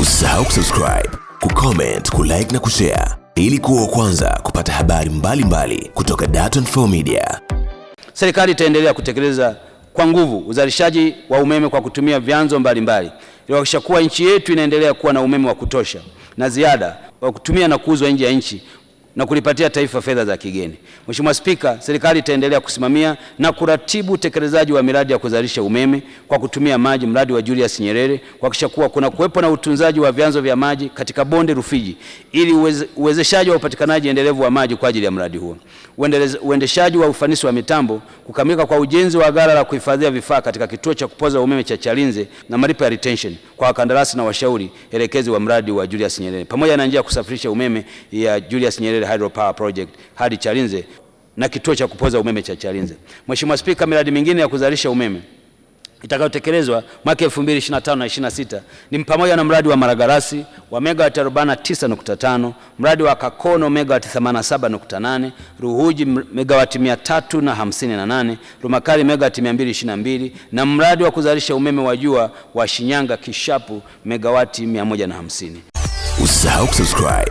Usisahau kusubscribe, kucomment, kulike na kushare ili kuwa kwanza kupata habari mbalimbali mbali kutoka Dar24 Media. Serikali itaendelea kutekeleza kwa nguvu uzalishaji wa umeme kwa kutumia vyanzo mbalimbali ili kuhakikisha kuwa nchi yetu inaendelea kuwa na umeme wa kutosha na ziada wa kutumia na kuuzwa nje ya nchi na kulipatia taifa fedha za kigeni. Mheshimiwa Spika, serikali itaendelea kusimamia na kuratibu utekelezaji wa miradi ya kuzalisha umeme kwa kutumia maji, mradi wa Julius Nyerere, kuhakikisha kuwa kuna kuwepo na utunzaji wa vyanzo vya maji katika bonde Rufiji ili uwezeshaji wa upatikanaji endelevu wa maji kwa ajili ya mradi huo, uendeshaji wa ufanisi wa mitambo, kukamilika kwa ujenzi wa ghala la kuhifadhia vifaa katika kituo cha kupoza umeme cha Chalinze na malipo ya retention kwa wakandarasi na washauri elekezi wa mradi wa Julius Nyerere, pamoja na njia ya kusafirisha umeme ya Julius Nyerere hydropower project hadi Chalinze na kituo cha kupoza umeme cha Chalinze. Mheshimiwa Spika, miradi mingine ya kuzalisha umeme itakayotekelezwa mwaka 2025 na 26 ni pamoja na mradi wa Maragarasi wa megawatt 49.5, mradi wa Kakono megawati 87.8, Ruhuji megawati 358, Rumakali megawati 222 na mradi wa kuzalisha umeme wa jua wa Shinyanga Kishapu megawati 150. Usisahau kusubscribe